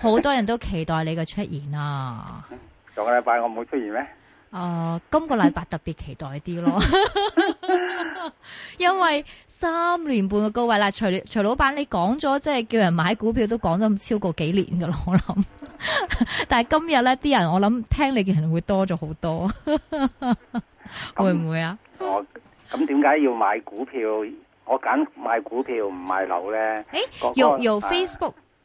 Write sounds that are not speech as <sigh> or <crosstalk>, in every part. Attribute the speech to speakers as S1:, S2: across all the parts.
S1: 好多人都期待你嘅出現啊、
S2: 呃！上個禮拜我冇出現咩？
S1: 啊、呃，今個禮拜特別期待啲咯， <laughs> 因為三年半嘅高位啦。徐老闆，你講咗即係叫人買股票，都講咗超過幾年噶啦。我諗，但係今日咧，啲人我諗聽你嘅人會多咗好多， <laughs> 會唔會啊？嗯、我
S2: 咁點解要買股票？我揀買股票唔買樓咧？誒、欸，用用 Facebook、啊。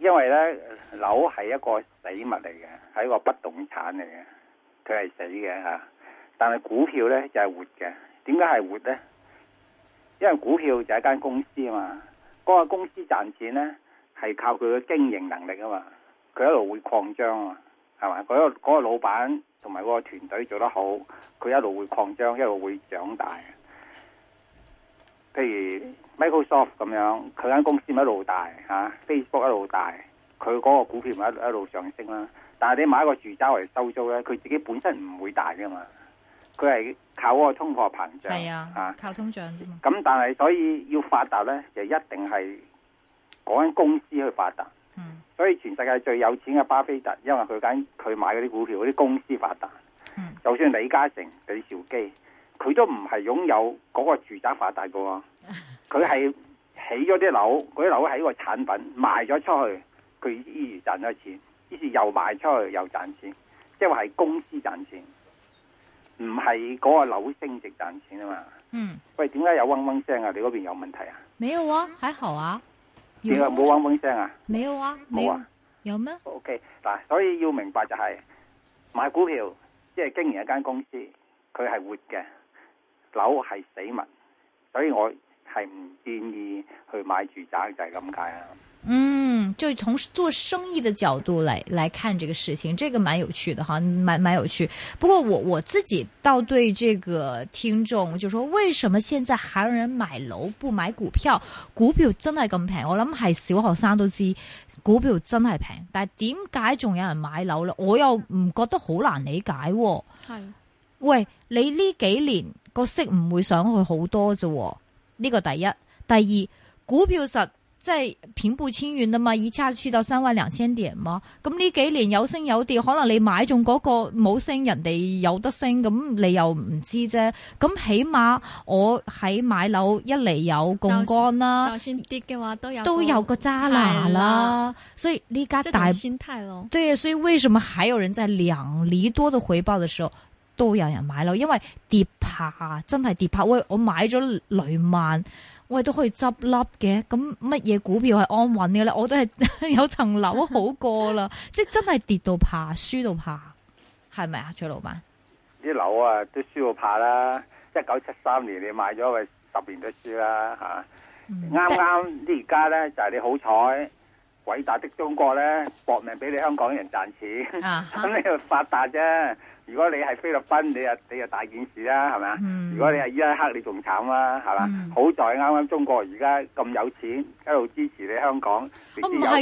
S2: 因為咧，樓係一個死物嚟嘅，係一個不動產嚟嘅，佢係死嘅吓。但係股票咧就係、係、活嘅。點解係活咧？因為股票就係一間公司啊嘛，嗰、嗰個公司賺錢咧係靠佢嘅經營能力啊嘛，佢一路會擴張啊，係嘛？嗰、嗰個、嗰個老闆同埋嗰個團隊做得好，佢一路會擴張，一路會長大。譬如。Microsoft 咁樣，佢間公司咪一路大吓、啊，Facebook 一路大，佢嗰個股票咪一一路上升啦。但係你買個住宅嚟收租咧，佢自己本身唔會大噶嘛，佢係靠個通貨膨脹，吓、啊啊、靠
S1: 通脹啫、啊。咁
S2: 但係所以要發達咧，就一定係講間公司去發達。嗯。所以全世界最有錢嘅巴菲特，因為佢間佢買嗰啲股票嗰啲公司發達。嗯。就算李嘉誠、李兆基，佢都唔係擁有嗰個住宅發達嘅、啊。 <laughs> 佢係起咗啲樓，嗰啲樓係一個產品，賣咗出去，佢依然賺咗錢，於是又賣出去又賺錢，即係話係公司賺錢，唔係嗰個樓升值賺錢啊嘛。嗯。喂，點解有嗡嗡聲啊？你嗰邊有問題啊？
S1: 沒有啊，還好啊。
S2: 你話冇嗡嗡聲啊？沒
S1: 有啊，冇啊，有咩
S2: ？OK，嗱，所以要明白就係買股票，即係經營一間公司，佢係活嘅，樓係死物，所以我。係唔建
S1: 議去買住宅，就係咁解啊。嗯，就從做生意嘅角度來來看，這個事情，這個蠻有趣的，哈，蠻蠻有趣。不過我我自己倒對這個聽眾，就說為什麼現在還有人買樓不買股票？股票真係咁平，我諗係小學生都知股票真係平，但係點解仲有人買樓咧？我又唔覺得好難理解哦。係喂，你呢幾年個息唔會上去好多啫？呢、這個第一，第二股票實即係平步青雲啊嘛，以差去到三萬兩千點嘛，咁呢幾年有升有跌，可能你買中嗰、那個冇升，人哋有得升，咁你又唔知啫。咁起碼我喺買樓一嚟有槓桿啦，就
S3: 算跌嘅話都有都有個
S1: 揸拿啦。所以呢家大心態囉，對、啊，所以為什麼還有人在兩釐多的回報嘅時候？都有人買樓，因為跌怕，真係跌怕。喂，我買咗雷曼，我哋都可以執笠嘅。咁乜嘢股票係安穩嘅咧？我都係有層樓好過啦。 <laughs> 即係真係跌到怕，輸到怕，係咪啊？徐老闆，
S2: 啲樓啊，都輸到怕啦。一九七三年你買咗，咪十年都輸啦嚇。啱、嗯、啱、嗯嗯、呢而家咧，就係、是、你好彩，偉大的中國咧，搏命俾你香港人賺錢，咁你又發達啫。如果你係菲律賓，你又你又大件事啦，係嘛、嗯？如果你係伊拉克，你仲慘啦，係嘛、嗯？好在啱啱中國而家咁有錢一路支持你香港，唔係喎，係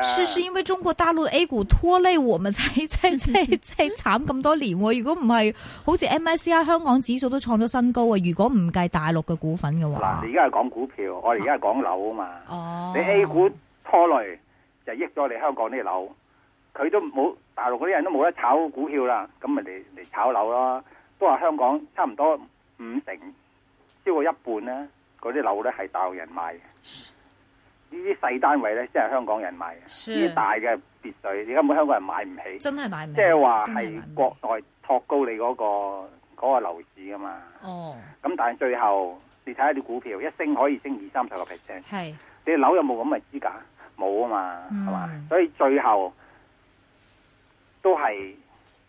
S2: 係因
S1: 為中國大陸 A 股拖累我咪真係真係真係真係慘咁多年喎、啊。如果唔係，好似 MSCI 香港指數都創咗新高啊！如果唔計大陸嘅股份嘅話，嗱、啊，而
S2: 家係講股票，我哋而家講樓啊嘛。哦、啊，你 A 股拖累就益咗你香港啲樓，佢都冇。大陸嗰啲人都冇得炒股票啦，咁咪嚟嚟炒樓咯。都話香港差唔多五成，超過一半咧，嗰啲樓咧係大陸人買。呢啲細單位咧先係香港人買，呢啲大嘅別墅，你根本香港人買唔起。真係買唔起，即係話係國內托高你嗰、嗰個、嗰個樓市啊嘛。哦，咁但係最後你睇下啲股票，一升可以升二三十個 percent。係你樓有冇咁嘅資格？冇啊嘛，係、嗯、嘛，所以最後。都係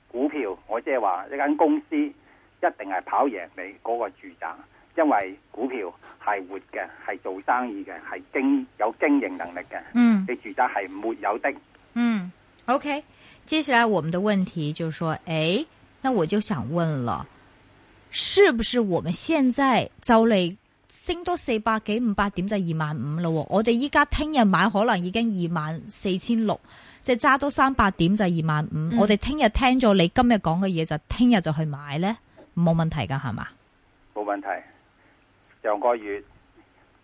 S2: 股票，我即係話呢間公司一定係跑贏你嗰個住宅，因為股票係活嘅，係做生意嘅，係經有經營能力嘅。嗯，你住宅係沒有的。嗯
S1: ，OK，接下來我們的問題就是說，誒、哎，那我就想問了，是不是我們現在就嚟升多四百幾五百點就二萬五咯？我哋依家聽日買可能已經二萬四千六。即係揸到三百點就二萬五，我哋聽日聽咗你今日講嘅嘢就聽日就去買咧，冇問題噶係嘛？
S2: 冇問題。上個月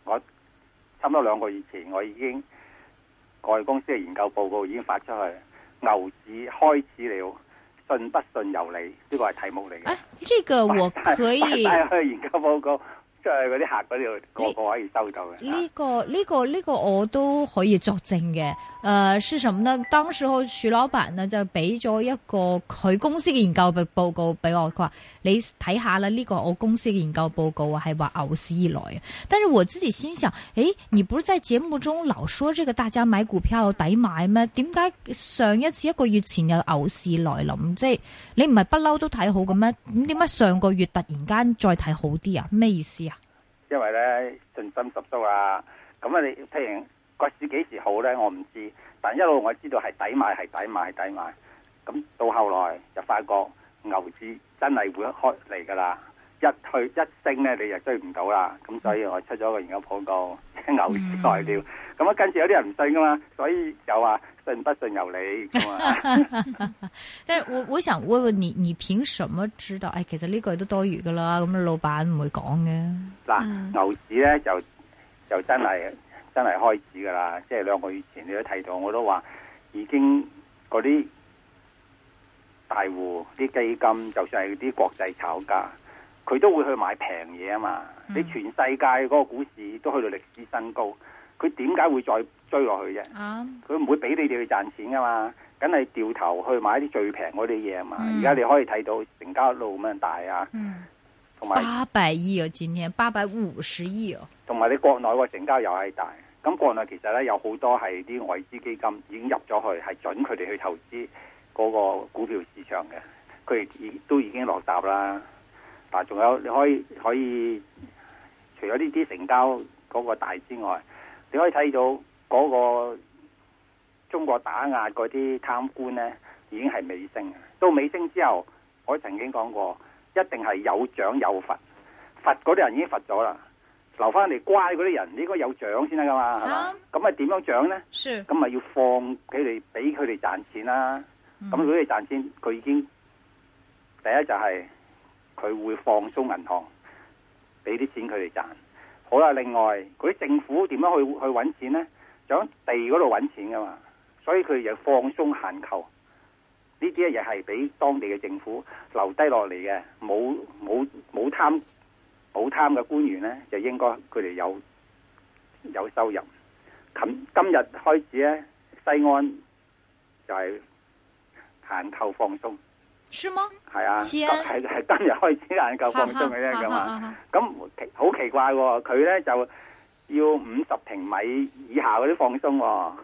S2: 我差唔多兩個月前我已經我哋公司嘅研究報告已經發出去，牛市開始了，信不信由你，呢個係題目嚟嘅。
S1: 哎，這個我可以。研
S2: 究報告即係嗰啲客嗰啲個個可以收到嘅。
S1: 呢個呢個呢個我都可以作證嘅。誒、呃，是什麼呢？當時候徐老闆呢就俾咗一個佢公司嘅研究報告俾我，佢話你睇下啦。呢、這個我公司嘅研究報告啊，係話牛市來但是我自己心想，誒，你不是在節目中老說這個大家買股票抵買咩？點解上一次一個月前有牛市來臨？即係你唔係不嬲都睇好咁咩？咁點解上個月突然間再睇好啲啊？咩意思啊？因
S2: 為咧信心十足啊，咁啊你聽。個市幾時好咧？我唔知，但一路我知道係抵買，係抵買，抵買。咁到後來就發覺牛市真係會開嚟噶啦，一去一升咧，你就追唔到啦。咁所以我出咗個研究報告，牛市代表。咁、嗯、啊，跟住有啲人唔信噶嘛，所以又話信不信由你。咁 <laughs>
S1: <laughs> 但係我我想問問你，你憑什麼知道？哎，其實呢句都多餘噶啦，咁老闆唔會講嘅。
S2: 嗱、嗯，牛市咧就就真係。嗯真係開始噶啦，即係兩個月前你都睇到，我都話已經嗰啲大戶啲基金，就算係啲國際炒家，佢都會去買平嘢啊嘛、嗯。你全世界嗰個股市都去到歷史新高，佢點解會再追落去啫？佢、啊、唔會俾你哋去賺錢噶嘛，梗係掉頭去買啲最平嗰啲嘢啊嘛。而、嗯、家你可以睇到成交一路咁樣大啊，同埋八
S1: 百億啊，哦、今年八百五十億啊
S2: 同埋你國內個成交又係大。咁國內其實咧有好多係啲外資基金已經入咗去，係準佢哋去投資嗰個股票市場嘅，佢亦都已經落閘啦。但仲有，你可以可以除咗呢啲成交嗰個大之外，你可以睇到嗰個中國打壓嗰啲貪官咧已經係尾聲。到尾聲之後，我曾經講過，一定係有獎有罰，罰嗰啲人已經罰咗啦。留翻嚟乖嗰啲人，你應該有獎先得噶嘛，係嘛？咁啊點樣獎咧？咁咪要放佢哋，俾佢哋賺錢啦。咁佢哋賺錢，佢已經第一就係、是、佢會放鬆銀行，俾啲錢佢哋賺。好啦，另外嗰啲政府點樣去去揾錢咧？就喺地嗰度揾錢噶嘛。所以佢又放鬆限購，呢啲一樣係俾當地嘅政府留低落嚟嘅，冇冇冇貪。好貪嘅官員咧，就應該佢哋有有收入。今今日開始咧，西安就係限購放鬆。是嗎？係啊，係係、啊啊啊、今日開始限購放鬆嘅啫咁啊，咁奇好奇怪喎、啊，佢咧就要五十平米以下嗰啲放鬆、哦，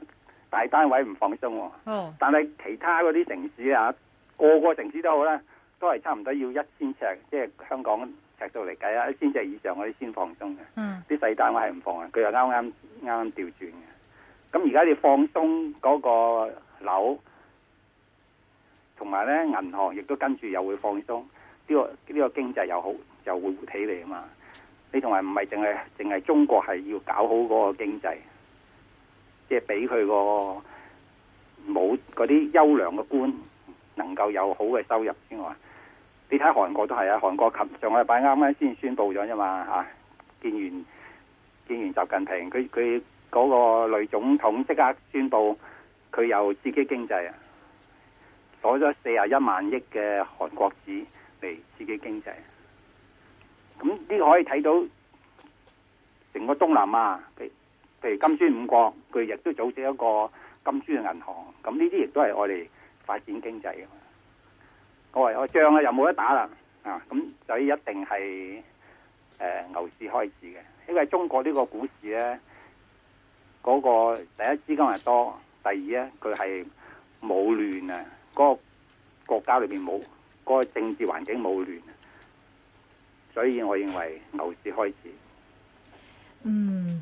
S2: 大單位唔放鬆。哦。嗯、但係其他嗰啲城市啊，個個城市都好啦，都係差唔多要一千尺，即、就、係、是、香港。到嚟計啊，一千隻以上嗰啲先放鬆嘅，啲細單我係唔放啊。佢又啱啱啱調轉嘅，咁而家你放鬆嗰個樓，同埋咧銀行亦都跟住又會放鬆，呢個呢個經濟又好，又會活起嚟啊嘛。你同埋唔係淨係淨係中國係要搞好嗰個經濟，即係俾佢個冇嗰啲優良嘅官能夠有好嘅收入之外。你睇韓國都係啊，韓國琴上個禮拜啱啱先宣布咗啫嘛嚇，見完見完習近平，佢佢嗰個女總統即刻宣布佢有刺激經濟，攞咗四十一萬億嘅韓國紙嚟刺激經濟。咁呢個可以睇到成個東南亞，譬譬如金磚五國，佢亦都組織了一個金磚銀行，咁呢啲亦都係我哋發展經濟啊。我話我仗啊又冇得打啦，啊咁就一定係誒、呃、牛市開始嘅，因為中國呢個股市咧，嗰、那個第一資金係多，第二咧佢係冇亂啊，嗰、那個國家裏邊冇，嗰個政治環境冇亂，所以我認為牛市開始。嗯。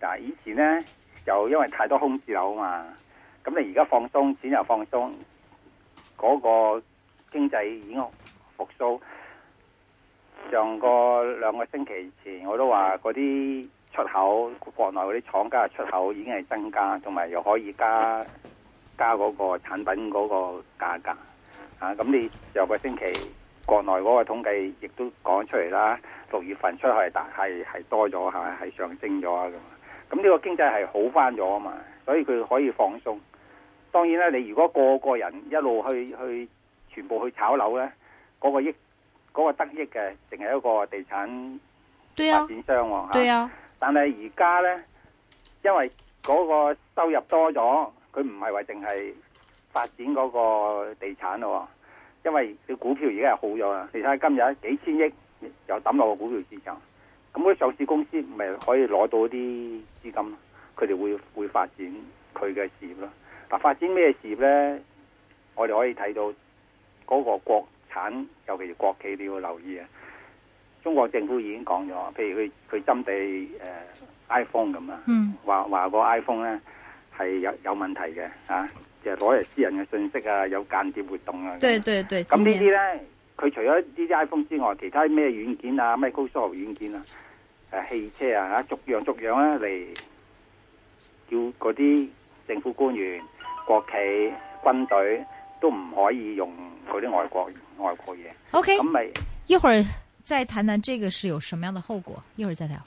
S2: 嗱，以前咧就因為太多空置樓啊嘛，咁你而家放鬆，錢又放鬆，嗰個經濟已經復甦。上個兩個星期前我都話嗰啲出口國內嗰啲廠家嘅出口已經係增加，同埋又可以加加嗰個產品嗰個價格。嚇，咁你上個星期國內嗰個統計亦都講出嚟啦，六月份出去但係係多咗嚇，係上升咗啊咁。咁呢個經濟係好翻咗啊嘛，所以佢可以放鬆。當然啦，你如果個個人一路去去全部去炒樓咧，嗰個益嗰個得益嘅淨係一個地產發展商喎，吓。但係而家咧，因為嗰個收入多咗，佢唔係話淨係發展嗰個地產咯，啊，因為你股票而家係好咗啊！你睇下今日幾千億又抌落個股票市場。咁、那、啲、個、上市公司咪可以攞到啲資金，佢哋會會發展佢嘅事業咯。嗱，發展咩事業咧？我哋可以睇到嗰、那個國產，尤其是國企，你要留意啊。中國政府已經講咗，譬如佢佢針對誒 iPhone 咁啊，話話個 iPhone 咧係有有問題嘅嚇，就攞、是、嚟私人嘅信息啊，有間諜活動啊。對
S1: 對對。咁呢啲
S2: 咧，佢除咗呢啲 iPhone 之外，其他咩軟件啊，咩 Google 軟件啊？誒、啊，汽車啊吓，逐樣逐樣咧、啊、嚟叫嗰啲政府官員、國企、軍隊都唔可以用嗰啲外國外國嘢。OK，咁
S1: 咪一會兒再談談，這個是有什麼樣的後果？一會兒再聊。